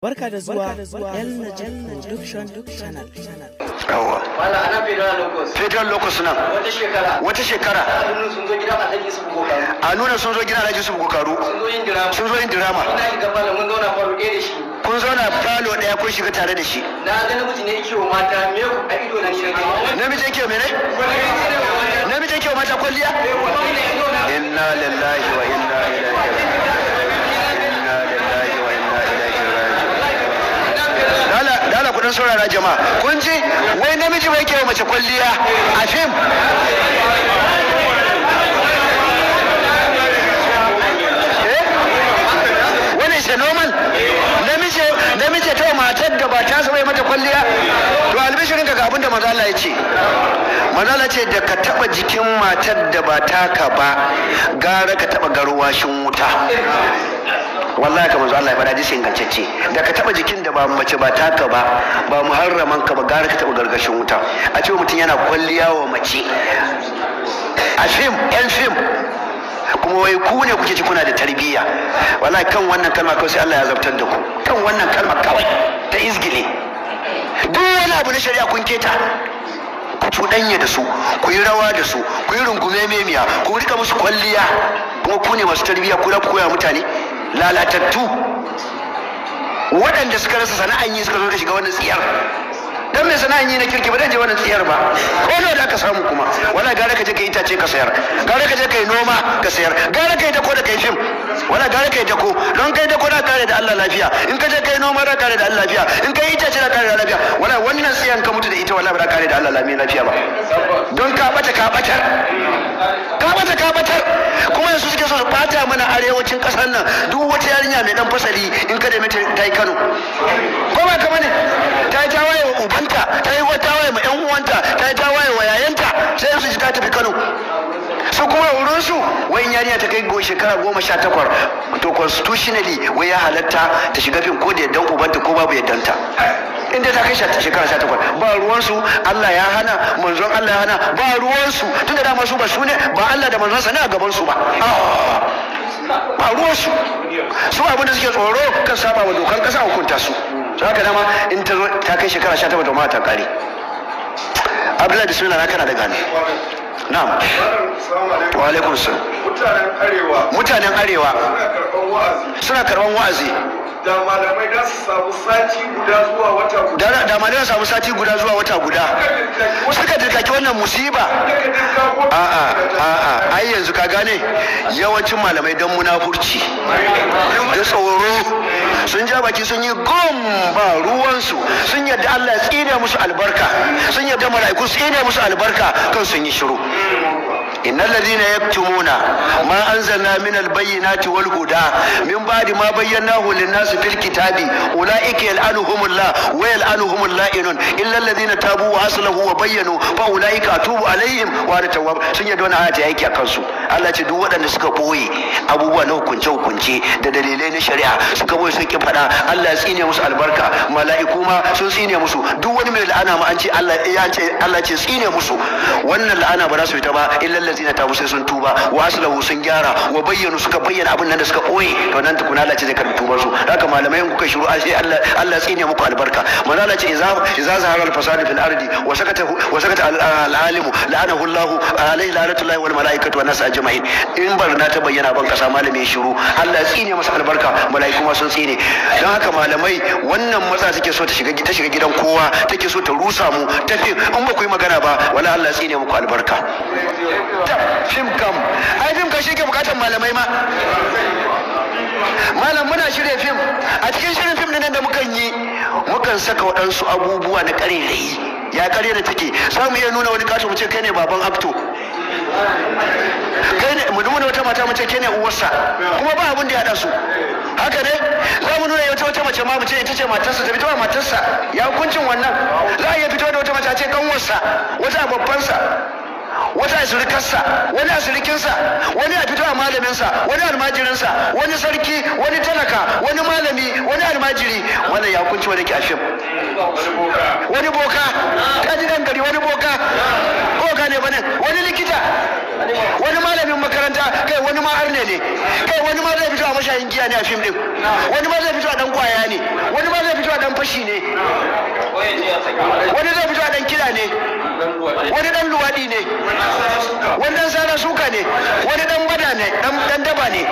Barka da zuwa El Najal Production Channel. Yawa. Wala ana Federal Locus. Federal Locus nan. Wata shekara. Wata shekara. Anuna sun zo gidan Alhaji Yusuf Kokaru. Anuna sun zo gidan Alhaji Yusuf Kokaru. Sun zo yin dirama. Sun zo yin dirama. Ina yi gaba da mun zauna faru ɗaya da shi. kun zauna falo ɗaya kun shiga tare da shi. Na ga namiji ne yake wa mata me a ido na shirin. Namiji yake mene? Namiji yake wa mata kwalliya? Inna lillahi wa kun saurara jama'a kun ji wai namiji bai kewa mace kwalliya a fim eh? wani shi normal namiji namiji ta matar da ba ta saba mata kwalliya to albishirin ka ga abin da mazala ya ce mazala ce da ka taba jikin matar da ba taka ba gara ka taba garwashin wuta wallahi kamar Allah ya faɗa ji ingantacce da ka taba jikin da ba mace ba taka ba ba muharraman ka ba gara ka taba gargashin wuta a ce mutum yana kwalliya wa mace a fim yan fim kuma wai ku ne kuke ci kuna da tarbiyya wallahi kan wannan kalma kawai sai Allah ya zartar da ku kan wannan kalma kawai ta izgile duk wani abu na shari'a kun keta ku cuɗanya da su ku yi rawa da su ku yi rungume memiya ku rika musu kwalliya kuma ku ne masu tarbiyya ku koya mutane lalatattu waɗanda suka rasa sana'an yi suka zo da shiga wannan tsiyar dan mai sana'a yi na kirki ba dan je wannan tsiyar ba ko nawa da ka samu kuma wala gara ka je ka itace ka sayar gara ka je ka yi noma ka sayar gara ka yi dako da kai fim wala gara ka yi dako don kai dako da kare da Allah lafiya in ka je ka yi noma da kare da Allah lafiya in ka yi itace da kare da lafiya wala wannan tsiyan ka mutu da ita wala ba da kare da Allah lafiya ba don ka bata ka batar ka bata ka batar kuma yanzu suke so su bata mana arewacin kasar nan duk wata yarinya mai dan fasali in ka da mata ta yi Kano ko ba ka bane ubanta ta yi wata waye ma yan uwanta ta yi tawaye wa yayanta sai su ji ta tafi Kano su kuma wurin su wai yarinya ta kai shekara goma sha takwas to constitutionally wai ya halatta ta shiga fin ko da yaddan ubanta ko babu yaddanta in dai ta kai shekara sha takwas ba ruwan su Allah ya hana manzon Allah ya hana ba ruwan su da dama su ba su ne ba Allah da manzon sa ne a gaban ah! su ba ba ruwan su su abin da suke tsoro kan saba wa dokar kasa hukunta su to haka dama in ta ta kai shekara sha taba domin ta kare Abdullahi bismillah na kana da gani na'am wa alaikum mutanen arewa mutanen arewa suna karban wa'azi da malamai da su samu sati guda zuwa wata guda da samu sati guda zuwa wata guda suka dirkaki wannan musiba a a'a, a ai yanzu ka gane yawancin malamai don munafurci da tsoro sun ja baki sun yi gum ba ruwansu sun yadda Allah ya tsine musu albarka sun yadda mala'iku tsine musu albarka kan sun yi shiru إن الذين يكتمون ما أنزلنا من البينات والهدى من بعد ما بيناه للناس في الكتاب أولئك يلعنهم الله ويلعنهم اللائنون إلا الذين تابوا وأصلحوا وبينوا فأولئك أتوب عليهم وأنا التواب سنجدون آياتي هيك يا كنسو Allah ce duk waɗanda suka ɓoye abubuwa na hukunce hukunce da dalilai na shari'a suka ɓoye sun ki faɗa Allah ya tsine musu albarka mala'iku ma sun tsine musu duk wani mai la'ana ma an ce Allah ya eh, ce Allah ce tsine musu wannan la'ana ba za su fita ba illal ladzina tabu sai sun tuba wa aslahu sun gyara wa bayyanu suka bayyana abin nan da suka ɓoye to nan tukuna Allah ce zai karɓi tubar su haka malamai in kuka shiru a sai Allah Allah tsine muku albarka manzo Allah ce iza iza zahara al-fasadu fil ardi wa sakata wa sakata al-alimu la'anahu Allah alayhi la'natullahi wal mala'ikatu wa nas ajma'in in barna ta bayyana ban kasa malami shiru Allah tsine masa albarka mala'iku ma sun tsine don haka malamai wannan matsa suke so ta shiga ta shiga gidan kowa take so ta rusa mu ta fi in ba ku yi magana ba wala Allah tsine muku albarka fim kam ai fim ka shi ke bukatar malamai ma malam muna shirya fim a cikin shirin fim nan da mukan yi mukan saka waɗansu abubuwa na ƙarerayi ya da take za mu iya nuna wani kasu mu ce kai ne baban akto kai ne mu nuna wata mata mace ke ne uwarsa kuma ba abin da ya su haka ne za mu nuna wata wata mace ma mu ita ce matarsa ta fito ba matarsa ya hukuncin wannan za a iya fito da wata mace a ce kanwarsa wata babbansa wata surikarsa wani asirikinsa wani a fito a malaminsa wani almajirinsa wani sarki wani talaka wani malami wani almajiri wannan ya kunci wani kyashin wani boka ta ji dan gari wani boka boka ne bane wani likita wani malamin makaranta kai wani ma arne ne kai wani ma zai fito a mashayin giya ne a fim din wani ma zai fito a dan kwaya ne wani ma zai fito a dan fashi ne wani zai fito a dan kida ne wani dan luwaɗi ne wani dan sana suka ne wani dan bada ne dan daba ne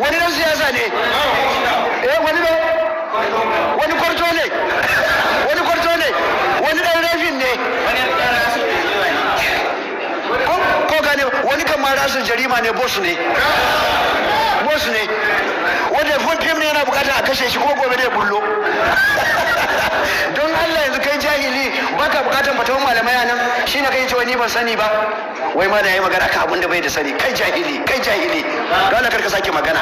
wani dan siyasa ne Wani eh, wani wani kwarto ne ma jarima ne boss ne boss ne wanda fi ne yana bukata a kashe shi ko gobe da ya bullo don Allah yanzu kai jahili baka bukatar fatawan malamai a nan ne kai cewa ni ban sani ba wai ma da yayi magana ka abin da bai da sani kai jahili kai jahili ga kar ka sake magana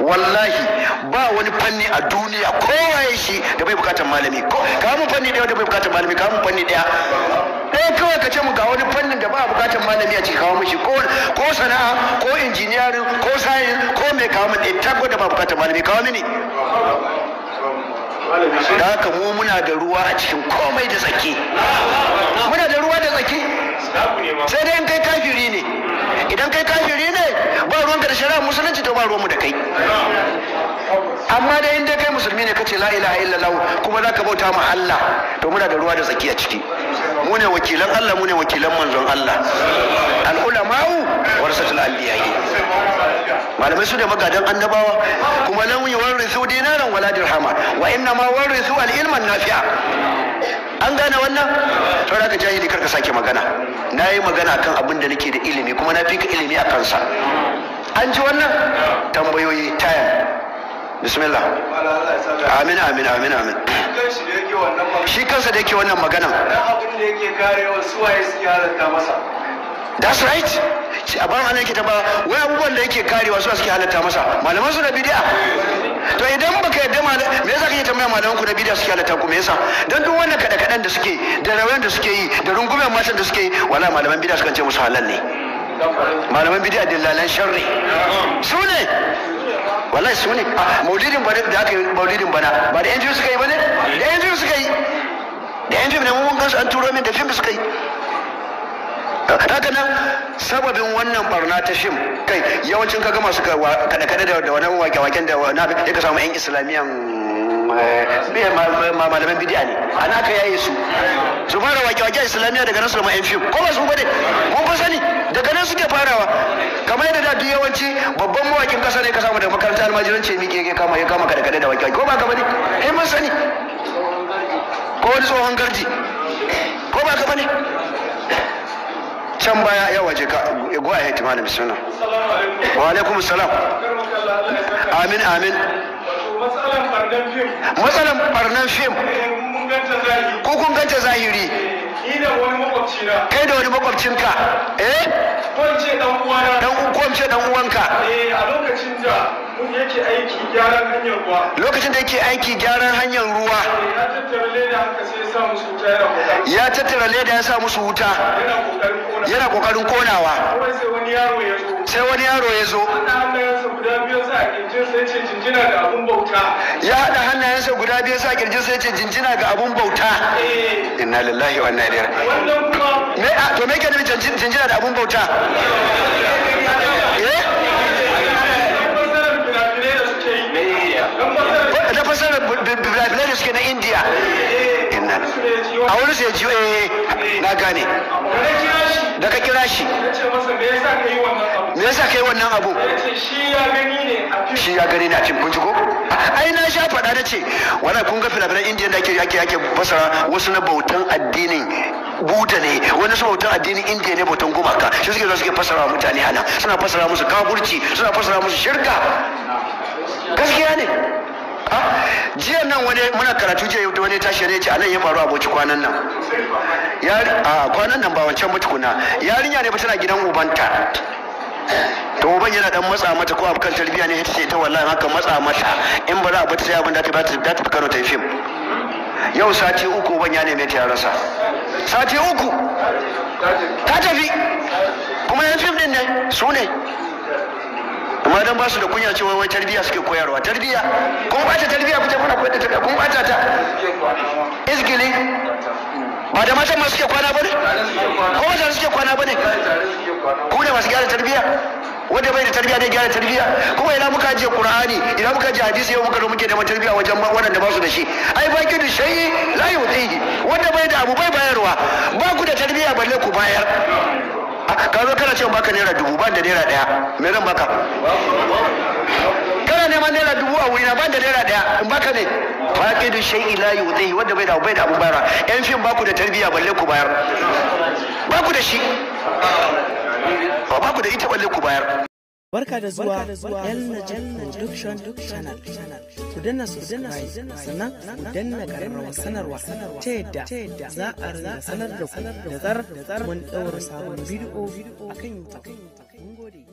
wallahi ba wani fanni a duniya kowa ya shi da bai bukatar malami ko ka mu fanni daya da bai bukatar malami ka mu fanni daya ɗaya eh, kawai ka ce mu ga wani fannin da ba a bukatar malami a ci kawo mishi ko sana'a ko injiniyarin ko sayin ko mai kawo mu ɗaya eh, tabbo da ba bukatar malami kawo mini da haka mu muna da ruwa a cikin komai da tsaki muna da ruwa da tsaki sai dai in kai kafiri ne idan kai kafiri ne ba ruwanka da shari'a musulunci to ba ruwanmu da kai amma dai in dai kai musulmi ne kace la ilaha illallah kuma zaka bauta ma Allah to muna da ruwa da tsaki a ciki mu ne wakilan Allah mu ne wakilan manzon Allah al ulama'u warasatul anbiya'i malamai su ne magadan annabawa kuma lam yuwarrisu dinaran wala dirhama wa inna ma warrisu al ilman nafi'a an gane wannan to da ka jahili karka sake magana na yi magana kan abin da nake da ilimi kuma na fi ka ilimi a kansa an ji wannan tambayoyi tayan bismillah amin amin amin amin shi kansa da yake wannan magana yake that's right abin hannun yake taba wai abubuwan da yake karewa su suke halatta masa malaman su na bidiya to idan baka yadda malaman me yasa kake tambaya malaman ku na bidiya suke halatta ku me yasa dan duk wannan kada kadan da suke da rawayan da suke yi da rungumen matan da suke yi wala malaman bidiya kan ce musu halal ne malaman bidiya dillalan sharri su ne wallahi su ne ah, maulidin bana da aka yi maulidin bana ba da NGO suka yi ba ne da NGO suka yi da NGO ne mun gansu an turo min da fim suka yi haka nan sababin wannan barna ta shim kai yawancin kaga masu kada kada da wani wake-waken da na ka samu 'yan islamiyan biya eh, eh, malaman bidiya ne ana aka yaye su su fara wake-waken islamiyya daga nan su zama yan fim ko ba su dai, ko ba sani daga nan suke farawa kamar yadda da duk yawanci babban mawakin kasa ne ka samu daga makarantar almajiranci mike ya kama ya kama kada-kada da wake-wake ko ba ka bane eh mun sani ko wani tsohon garji ko ba ka bane can baya ya waje ka go ahead malam bismillah wa alaikum salam amin amin matsalan bardan fim matsalan barnan fim ko kun ganta zahiri kai da wani makwabcinka eh ko ce dan uwanka eh, a lokacin da yake aiki gyaran hanyar ruwa lokacin da yake aiki gyaran hanyar ruwa ya tattara leda ya sa musu wuta yana kokarin konawa wani yaro ya zo sai wani yaro ya zo ya haɗa hannayensa guda biyu sa kirjin sai ce jinjina ga abun bauta eh. inna lillahi wa inna ilaihi raji'un to me ke nufi jinjina da abun bauta na fasarar birabilai da suke na indiya eh, eh. a wani sai ji na gane da ka kira shi me yasa kai wannan abu shi ya gani ne a cikin kun ko ai na sha fada da ce wannan kun ga filafilan indiya da ake yake yake fasara wasu na bautan addinin buda ne wani su bautan addinin indiya ne bautan gumaka shi suke zo suke fasara mutane ana suna fasara musu kaburci suna fasara musu shirka gaskiya ne jiya nan wani muna karatu jiya da wani tashi ne ce nan ya faru aboki kwanan nan a kwanan nan ba wancan mutukuna yarinya ne ba tana gidan ubanta to uban yana dan matsa mata ko abukan tarbiyya ne ita ce ta wallahi haka matsa mata in ba za a bata sai abin da ta bata ta Kano ta yi fim yau sati uku uban ya neme ta ya rasa sati uku ta tafi kuma yan fim din ne su ne dan ba su da kunya cewa wai tarbiyya suke koyarwa tarbiyya kun ba ta tarbiyya kuke kuna koyar da ta kun ba ta ta izgili ba da matan masu ke kwana bane ko mata suke kwana bane ku da masu gyara tarbiyya wanda bai da tarbiyya ne gyara tarbiyya kuma ina muka je qur'ani ina muka je hadisi yau muka zo muke neman tarbiyya wajen wanda ba su da shi ai ba ki da shay'i la yutihi wanda bai da abu bai bayarwa ba ku da tarbiyya balle ku bayar ka zo kana cewa baka naira dubu ban da naira daya me zan baka kana neman naira dubu a wurina ban da naira daya in baka ne da shay'i ila yi, wanda bai da bai da abun bayarwa yan fim baku da tarbiyya balle ku bayar baku da shi ba baku da ita balle ku bayar Barka da zuwa El Najal Production Channel. Ku danna subscribe sannan ku danna ƙararrawar sanarwa ta yadda za a rinna sanar da ku da zar mun ɗaura sabon bidiyo a kan YouTube. Mun gode.